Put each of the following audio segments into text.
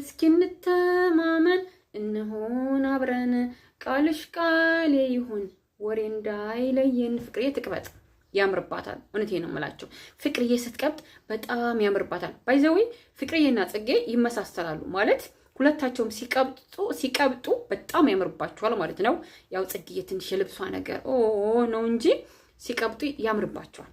እስኪ እስኪንተማመን እንሆን አብረን ቃልሽ ቃሌ ይሁን ወሬ እንዳይለየን ፍቅሬ ትቅበጥ። ያምርባታል። እውነቴ ነው የምላቸው ፍቅርዬ ስትቀብጥ በጣም ያምርባታል። ባይዘዌ ፍቅርዬና ጽጌ ይመሳሰላሉ ማለት ሁለታቸውም ሲቀብጡ ሲቀብጡ በጣም ያምርባቸዋል ማለት ነው። ያው ጽጌዬ ትንሽ የልብሷ ነገር ኦ ነው እንጂ ሲቀብጡ ያምርባቸዋል።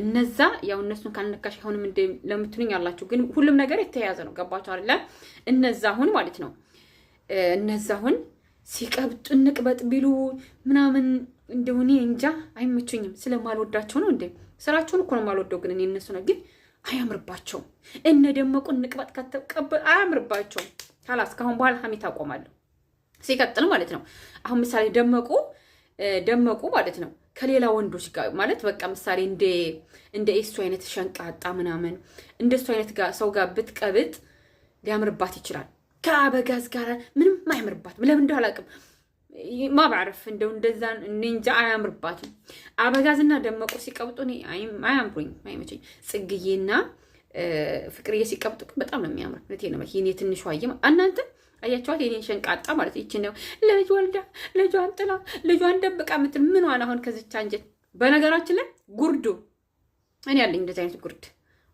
እነዛ ያው እነሱን ካልነካሽ አይሆንም እንደ ለምትሉኝ ያላችሁ ግን ሁሉም ነገር የተያያዘ ነው። ገባችሁ አይደለ? እነዛ አሁን ማለት ነው እነዛ አሁን ሲቀብጡ ንቅበጥ ቢሉ ምናምን እንደሆነ እንጃ አይመቹኝም። ስለማልወዳቸው ነው እንዴ? ስራቸውን እኮ ነው የማልወደው። ግን እኔ እነሱ ነው ግን አያምርባቸውም። እነ ደመቁ ንቅበጥ ከተቀበ አያምርባቸውም። ካላስ ከአሁን በኋላ ሀሜት አቆማለሁ። ሲቀጥል ማለት ነው አሁን ምሳሌ ደመቁ ደመቁ ማለት ነው ከሌላ ወንዶች ጋር ማለት በቃ ምሳሌ እንደ እንደ ኤሱ አይነት ሸንቃጣ ምናምን እንደ እሱ አይነት ሰው ጋር ብትቀብጥ ሊያምርባት ይችላል። ከአበጋዝ ጋር ምንም አያምርባትም። ለምን እንደው አላውቅም። ማ እንደው እንደዛ እኔ እንጃ አያምርባትም። አበጋዝና ደመቁ ሲቀብጡ አያምሩኝ፣ አይመቸኝ። ጽግዬና ፍቅርዬ ሲቀብጡ በጣም ነው የሚያምር። ነ ነው። የኔ ትንሿ እናንተ አያቸዋት የኔን ሸንቃጣ ማለት ይችን ነው ልጅ ወልዳ ልጇን ጥላ ልጇን ደብቃ ምትል ምኗን አሁን ከዚቻ አንጀት። በነገራችን ላይ ጉርዱ እኔ ያለኝ እንደዚህ አይነት ጉርድ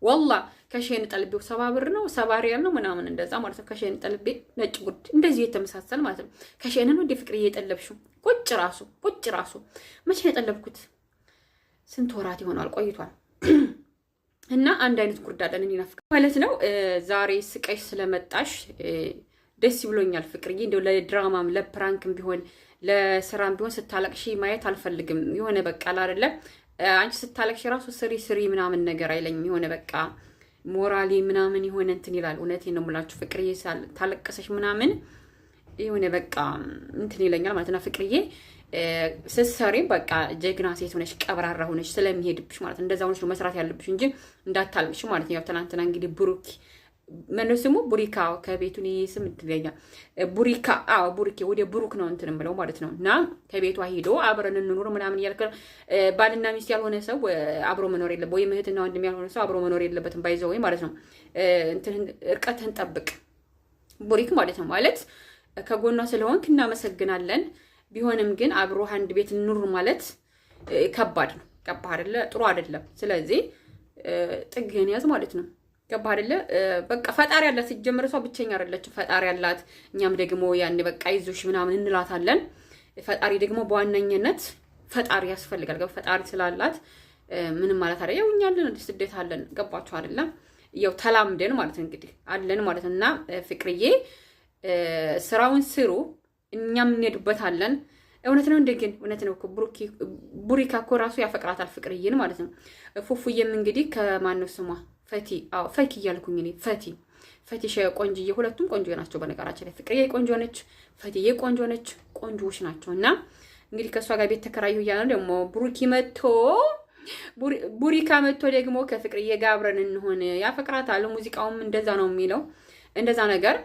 ወላ ከሼን ጠልቤው ሰባ ብር ነው ሰባ ሪያል ነው ምናምን እንደዛ ማለት ነው። ከሼን ጠልቤ ነጭ ጉርድ እንደዚህ የተመሳሰል ማለት ነው። ከሼንን ወደ ፍቅር እየጠለብሹ ቁጭ ራሱ ቁጭ ራሱ መቼ የጠለብኩት ስንት ወራት ይሆናል ቆይቷል። እና አንድ አይነት ጉርድ አለን ናፍቅ ማለት ነው። ዛሬ ስቀሽ ስለመጣሽ ደስ ብሎኛል ፍቅርዬ። እንደው ለድራማም ለፕራንክም ቢሆን ለስራም ቢሆን ስታለቅሺ ማየት አልፈልግም። የሆነ በቃ አይደለ አንቺ ስታለቅሺ ራሱ ስሪ ስሪ ምናምን ነገር አይለኝም። የሆነ በቃ ሞራሌ ምናምን የሆነ እንትን ይላል። እውነቴን ነው የምላችሁ ፍቅርዬ፣ ታለቀሰሽ ምናምን የሆነ በቃ እንትን ይለኛል ማለት ነው ፍቅርዬ ስትሰሪ በቃ ጀግና ሴት ሆነሽ ቀብራራ ሆነሽ ስለሚሄድብሽ ማለት እንደዛ ሆነሽ ነው መስራት ያለብሽ እንጂ እንዳታልቅሽ ማለት ነው። ያው ትናንትና እንግዲህ ብሩክ መነው ስሙ ቡሪካ ከቤቱን ስም ትገኛ ቡሪካ አዎ ቡሪኬ ወደ ቡሩክ ነው እንትን ብለው ማለት ነው። እና ከቤቷ ሂዶ አብረን እንኑር ምናምን እያልክ ባልና ሚስት ያልሆነ ሰው አብሮ መኖር የለ ወይም እህትና ወንድም ያልሆነ ሰው አብሮ መኖር የለበትም። ባይዘው ወይ ማለት ነው። እንትን እርቀትህን ጠብቅ ቡሪክ ማለት ነው። ማለት ከጎኗ ስለሆንክ እናመሰግናለን። ቢሆንም ግን አብሮ አንድ ቤት እንኑር ማለት ከባድ ነው። ቀባህ አይደለ? ጥሩ አይደለም። ስለዚህ ጥግህን ያዝ ማለት ነው። ገባ አይደለ? በቃ ፈጣሪ አላት። ሲጀመር እሷ ብቸኛ አይደለች፣ ፈጣሪ አላት። እኛም ደግሞ ያን በቃ ይዞሽ ምናምን እንላታለን። ፈጣሪ ደግሞ በዋነኝነት ፈጣሪ ያስፈልጋል። ገባ ፈጣሪ ስላላት ምንም ማለት አይደል። ያው እኛ አለን፣ ስደት አለን። ገባችሁ አይደለም? ያው ተላምደን ማለት እንግዲህ አለን ማለት እና ፍቅርዬ ስራውን ስሩ፣ እኛም እንሄድበታለን። እውነት ነው እንደግን እውነት ነው። ቡሪካ እኮ ራሱ ያፈቅራታል ፍቅርዬን ማለት ነው። ፉፉዬም እንግዲህ ነው ስሟ ፈቲ አዎ ፈኪ እያልኩኝ እኔ ፈቲ ፈቲሻ ቆንጆዬ፣ ሁለቱም ቆንጆ ናቸው። በነገራችን ላይ ፍቅርዬ ቆንጆ ነች፣ ፈቲዬ ቆንጆ ነች። ቆንጆዎች ናቸው እና እንግዲህ ከእሷ ጋር ቤት ተከራዩ እያለ ደግሞ ብሩኪ መጥቶ ቡሪካ መጥቶ ደግሞ ከፍቅርዬ ጋር አብረን እንሆን ያፈቅራታል። ሙዚቃውም እንደዛ ነው የሚለው እንደዛ ነገር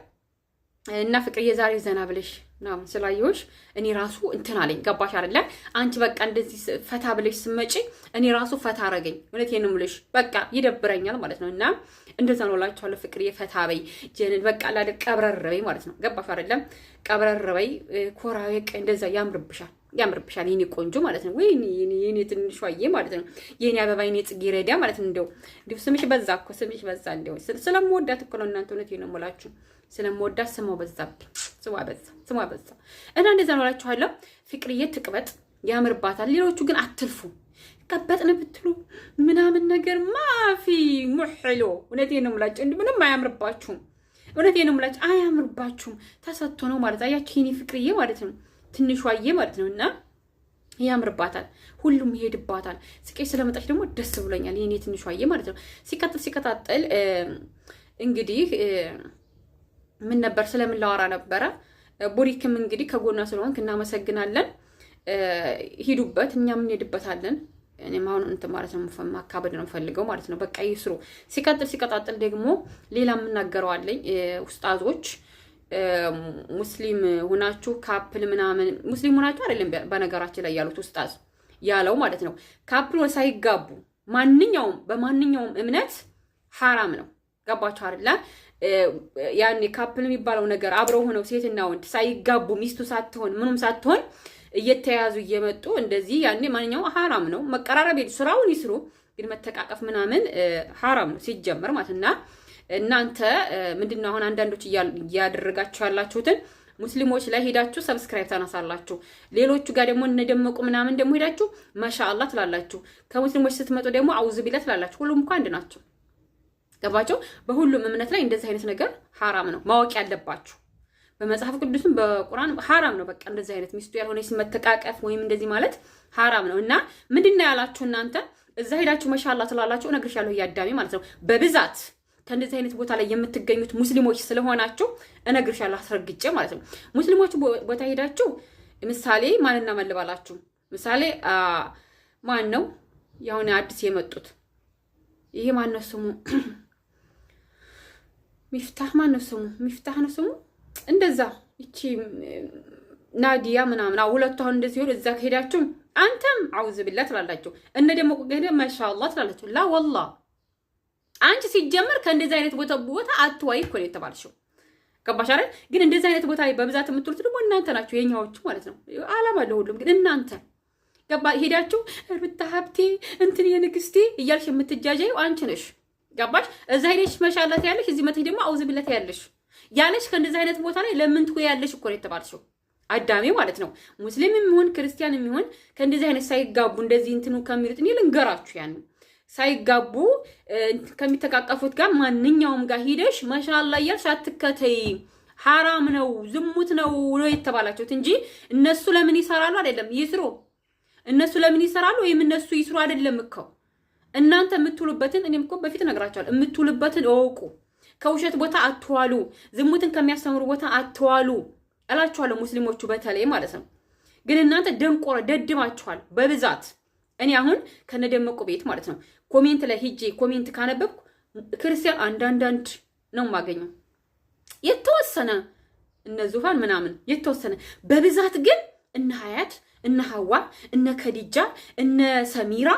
እና ፍቅርዬ ዛሬ ዘና ብለሽ ምናምን ስላየሁሽ እኔ ራሱ እንትን አለኝ። ገባሽ አይደለ? አንቺ በቃ እንደዚህ ፈታ ብለሽ ስመጪ እኔ ራሱ ፈታ አረገኝ። እውነቴን ነው የምልሽ። በቃ ይደብረኛል ማለት ነው። እና እንደዛ ነው እላችኋለሁ። ፍቅር የፈታ በይ ጀንን በቃ ላደ ቀብረር በይ ማለት ነው። ገባሽ አይደለም? ቀብረር በይ ኮራዌቅ እንደዛ ያምርብሻል። ያምርብሻል የኔ ቆንጆ ማለት ነው። ወይ የኔ ትንሿዬ ማለት ነው። የኔ አበባ የኔ ጽጌረዳ ማለት ነው። እንደው እንዲሁ ስምሽ በዛ እኮ ስምሽ በዛ። እንደው ስለምወዳት እኮ ነው እናንተ፣ እውነት ነው የምላችሁ ስለምወዳት ስሟ በዛብኝ። ስሟ በዛ፣ ስሟ በዛ እና እንደዛ ነው እላችኋለሁ። ፍቅርዬ ትቅበጥ፣ ያምርባታል። ሌሎቹ ግን አትልፉ። ቀበጥን ብትሉ ምናምን ነገር ማፊ ሙሕሎ። እውነት ነው የምላችሁ እንዲ ምንም አያምርባችሁም። እውነት ነው የምላችሁ አያምርባችሁም። ተሰጥቶ ነው ማለት አያችሁ የኔ ፍቅርዬ ማለት ነው። ትንሿዬ ማለት ነው እና ያምርባታል። ሁሉም ይሄድባታል። ስቄሽ ስለመጣች ደግሞ ደስ ብሎኛል። የኔ ትንሿዬ ማለት ነው። ሲቀጥል ሲቀጣጠል እንግዲህ ምን ነበር ስለምን ላወራ ነበረ? ቦሪክም እንግዲህ ከጎኗ ስለሆንክ እናመሰግናለን። ሂዱበት፣ እኛም እንሄድበታለን። እኔም አሁን እንትን ማለት ነው ማካበድ ነው ፈልገው ማለት ነው። በቃ ይስሩ። ሲቀጥል ሲቀጣጠል ደግሞ ሌላ የምናገረዋለኝ ውስጣዞች ሙስሊም ሁናችሁ ካፕል ምናምን ሙስሊም ሁናችሁ አይደለም በነገራችን ላይ ያሉት ውስጣዝ ያለው ማለት ነው። ካፕል ሳይጋቡ ማንኛውም በማንኛውም እምነት ሐራም ነው። ገባችሁ አይደለ? ያኔ ካፕል የሚባለው ነገር አብረው ሆነው ሴትና ወንድ ሳይጋቡ ሚስቱ ሳትሆን ምኑም ሳትሆን እየተያዙ እየመጡ እንደዚህ ያኔ ማንኛውም ሐራም ነው። መቀራረብ ስራውን ይስሩ፣ ግን መተቃቀፍ ምናምን ሐራም ነው ሲጀመር ማለት እና እናንተ ምንድነው አሁን አንዳንዶች እያደረጋችሁ ያላችሁትን ሙስሊሞች ላይ ሄዳችሁ ሰብስክራይብ ታነሳላችሁ። ሌሎቹ ጋር ደግሞ እነደመቁ ምናምን ደግሞ ሄዳችሁ ማሻአላ ትላላችሁ። ከሙስሊሞች ስትመጡ ደግሞ አውዝ ቢላ ትላላችሁ። ሁሉም እኮ አንድ ናቸው። ገባቸው። በሁሉም እምነት ላይ እንደዚህ አይነት ነገር ሀራም ነው፣ ማወቅ ያለባችሁ በመጽሐፍ ቅዱስም በቁርአን ሀራም ነው። በቃ እንደዚህ አይነት ሚስቱ ያልሆነ መተቃቀፍ ወይም እንደዚህ ማለት ሀራም ነው እና ምንድን ነው ያላችሁ እናንተ እዛ ሄዳችሁ መሻላ ትላላችሁ። እነግርሻለሁ እያዳሜ ማለት ነው በብዛት ከእንደዚህ አይነት ቦታ ላይ የምትገኙት ሙስሊሞች ስለሆናችሁ እነግርሻለሁ አስረግጬ ማለት ነው። ሙስሊሞች ቦታ ሄዳችሁ ምሳሌ ማንና መልባላችሁ ምሳሌ ማን ነው ያሁን አዲስ የመጡት ይሄ ማን ነው ስሙ? ሚፍታህ ማን ነው ስሙ? ሚፍታህ ነው ስሙ። እንደዛ ይቺ ናዲያ ምናምን ሁለቱ አሁን እንደዚህ ሆኑ። እዛ ከሄዳችሁ አንተም አውዝ ብላ ትላላችሁ፣ እነ ደግሞ ማሻ ማሻአላ ትላላችሁ። ላ ወላ አንቺ ሲጀመር ከእንደዚህ አይነት ቦታ ቦታ አትዋይ እኮ ነው የተባልሽው። ገባሽ አይደል? ግን እንደዚህ አይነት ቦታ ላይ በብዛት የምትሉት ደግሞ እናንተ ናቸው የኛዎቹ ማለት ነው። አላማ አለ ሁሉም ግን እናንተ ገባ ሄዳችሁ ርብታ ሀብቴ እንትን የንግስቴ እያልሽ የምትጃጃዩ አንቺ ነሽ። ገባሽ? እዛ ሄደሽ መሻላት ያለሽ፣ እዚህ መተሽ ደግሞ አውዝብለት ያለሽ ያለሽ ከእንደዚህ አይነት ቦታ ላይ ለምን ትሆ ያለሽ እኮ ነው የተባልሽው። አዳሜ ማለት ነው ሙስሊም የሚሆን ክርስቲያን የሚሆን ከእንደዚህ አይነት ሳይጋቡ እንደዚህ እንትኑ ከሚሉት እኔ ልንገራችሁ ያንን ሳይጋቡ ከሚተቃቀፉት ጋር ማንኛውም ጋር ሂደሽ መሻላ እያልሽ አትከተይ። ሐራም ነው ዝሙት ነው ነው የተባላችሁት እንጂ እነሱ ለምን ይሰራሉ አይደለም ይስሩ። እነሱ ለምን ይሰራሉ ወይም እነሱ ይስሩ አይደለም እኮ እናንተ የምትውሉበትን እኔም እኮ በፊት እነግራቸዋለሁ። የምትውሉበትን እወቁ። ከውሸት ቦታ አትዋሉ። ዝሙትን ከሚያስተምሩ ቦታ አትዋሉ እላችኋለሁ። ሙስሊሞቹ በተለይ ማለት ነው። ግን እናንተ ደንቆረ ደድማችኋል በብዛት እኔ አሁን ከነደመቁ ቤት ማለት ነው ኮሜንት ላይ ሂጄ ኮሜንት ካነበብኩ ክርስቲያን አንዳንዳንድ ነው የማገኘው የተወሰነ እነ ዙፋን ምናምን የተወሰነ በብዛት ግን እነ ሀያት እነ ሀዋ እነ ከዲጃ እነ ሰሚራ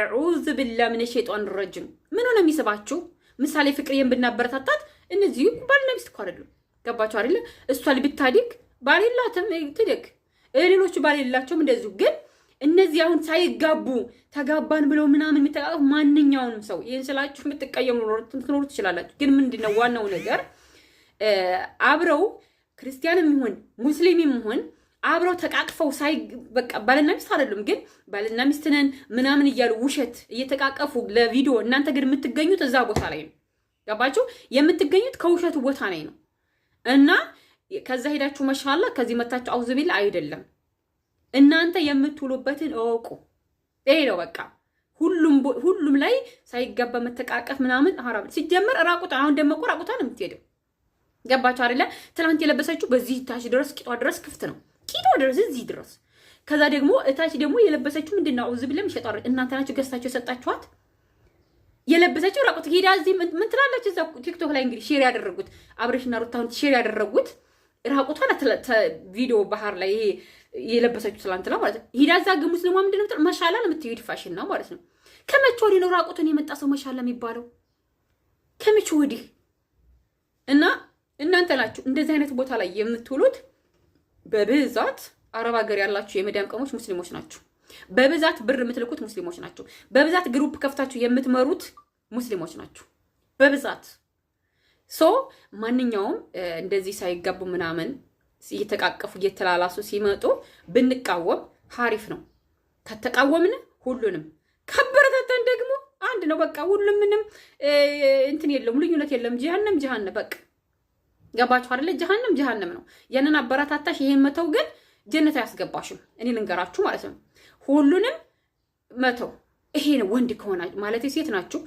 አዑዝ ብላ ምን ሸይጣን ረጅም ምን ሆነ የሚስባችሁ ምሳሌ ፍቅሬን ብናበረታታት እነዚህ ባልና ሚስት እኮ አይደሉም ገባችሁ አይደለ እሷ ልብታዲግ ባል የላትም ትደግ ሌሎቹ ባል የላቸውም እንደዚሁ ግን እነዚህ አሁን ሳይጋቡ ተጋባን ብለው ምናምን የሚተቃቀፍ ማንኛውንም ሰው ይህን ስላችሁ የምትቀየሙ ትኖሩ ትችላላችሁ። ግን ምንድነው ዋናው ነገር አብረው ክርስቲያንም ይሁን ሙስሊምም ይሁን አብረው ተቃቅፈው ሳይ በቃ ባልና ሚስት አይደሉም፣ ግን ባልና ሚስት ነን ምናምን እያሉ ውሸት እየተቃቀፉ ለቪዲዮ እናንተ ግን የምትገኙት እዛ ቦታ ላይ ነው። ገባችሁ? የምትገኙት ከውሸቱ ቦታ ላይ ነው እና ከዛ ሄዳችሁ መሻላ ከዚህ መታችሁ አውዝ ቢላ አይደለም እናንተ የምትውሉበትን እወቁ። ይሄ ነው በቃ። ሁሉም ላይ ሳይገባ መተቃቀፍ ምናምን ሀራም ሲጀመር ራቁታ። አሁን ደመቆ ራቁታ ነው የምትሄደው። ገባቸው አይደለ? ትናንት የለበሰችው በዚህ ታች ድረስ ቂጧ ድረስ ክፍት ነው። ቂጧ ድረስ እዚህ ድረስ። ከዛ ደግሞ እታች ደግሞ የለበሰችው ምንድን ነው? አውዝ ብለም ይሸጧል። እናንተ ናቸው ገዝታችሁ የሰጣችኋት የለበሰችው ራቁት ሄዳ እዚህ ምን ትላለች? እዛ ቲክቶክ ላይ እንግዲህ ሼር ያደረጉት አብሬሽና ሩታሁን ሼር ያደረጉት ራቁቷን ቪዲዮ ባህር ላይ ይሄ የለበሰችው ትላንትና ማለት ነው። ሂዳ እዛ ግሙ ስለማ ምንድን ነው መሻላ ለምትሄድ ፋሽን ነው ማለት ነው። ከመቼ ወዲህ ነው ራቁትን የመጣ ሰው መሻላ የሚባለው? ከመቼ ወዲህ እና እናንተ ናችሁ እንደዚህ አይነት ቦታ ላይ የምትውሉት በብዛት አረብ ሀገር ያላችሁ የመዳም ቀሞች ሙስሊሞች ናችሁ። በብዛት ብር የምትልኩት ሙስሊሞች ናችሁ። በብዛት ግሩፕ ከፍታችሁ የምትመሩት ሙስሊሞች ናችሁ። በብዛት ሶ ማንኛውም እንደዚህ ሳይጋቡ ምናምን እየተቃቀፉ እየተላላሱ ሲመጡ ብንቃወም ሀሪፍ ነው። ከተቃወምን ሁሉንም ከበረታታን ደግሞ አንድ ነው። በቃ ሁሉም ምንም እንትን የለም፣ ልዩነት የለም። ጀሃነም ጀሃነም በቃ ገባችሁ አይደለ? ጀሃነም ጀሃነም ነው። ያንን አበረታታሽ፣ ይሄን መተው ግን ጀነት አያስገባሽም። እኔ ልንገራችሁ ማለት ነው ሁሉንም መተው ይሄ ነው ወንድ ከሆናችሁ ማለት ሴት ናችሁ።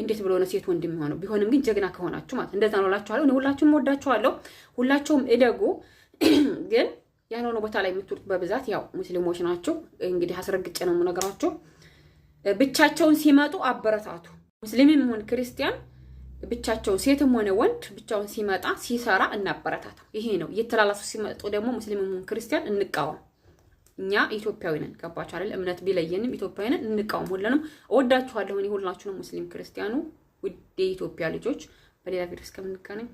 እንዴት ብሎ ነው ሴት ወንድ የሚሆነው? ቢሆንም ግን ጀግና ከሆናችሁ ማለት እንደዛ ነው እላችኋለሁ። እኔ ሁላችሁም ወዳችኋለሁ። ሁላችሁም እደጉ። ግን ያልሆነ ቦታ ላይ የምትውሉት በብዛት ያው ሙስሊሞች ናቸው። እንግዲህ አስረግጬ ነው የምነግራችሁ። ብቻቸውን ሲመጡ አበረታቱ። ሙስሊምም ሆነ ክርስቲያን ብቻቸውን፣ ሴትም ሆነ ወንድ ብቻውን ሲመጣ ሲሰራ እናበረታታ። ይሄ ነው። እየተላላሱ ሲመጡ ደግሞ ሙስሊምም ሆነ ክርስቲያን እንቃወም። እኛ ኢትዮጵያዊ ነን። ገባችሁ አይደል? እምነት ቢለየንም ኢትዮጵያዊ ነን። እንቃወም። ሁለንም እወዳችኋለሁ። ሁላችሁንም ሙስሊም ክርስቲያኑ፣ ውድ የኢትዮጵያ ልጆች፣ በሌላ ቪዲዮ እስከምንገናኝ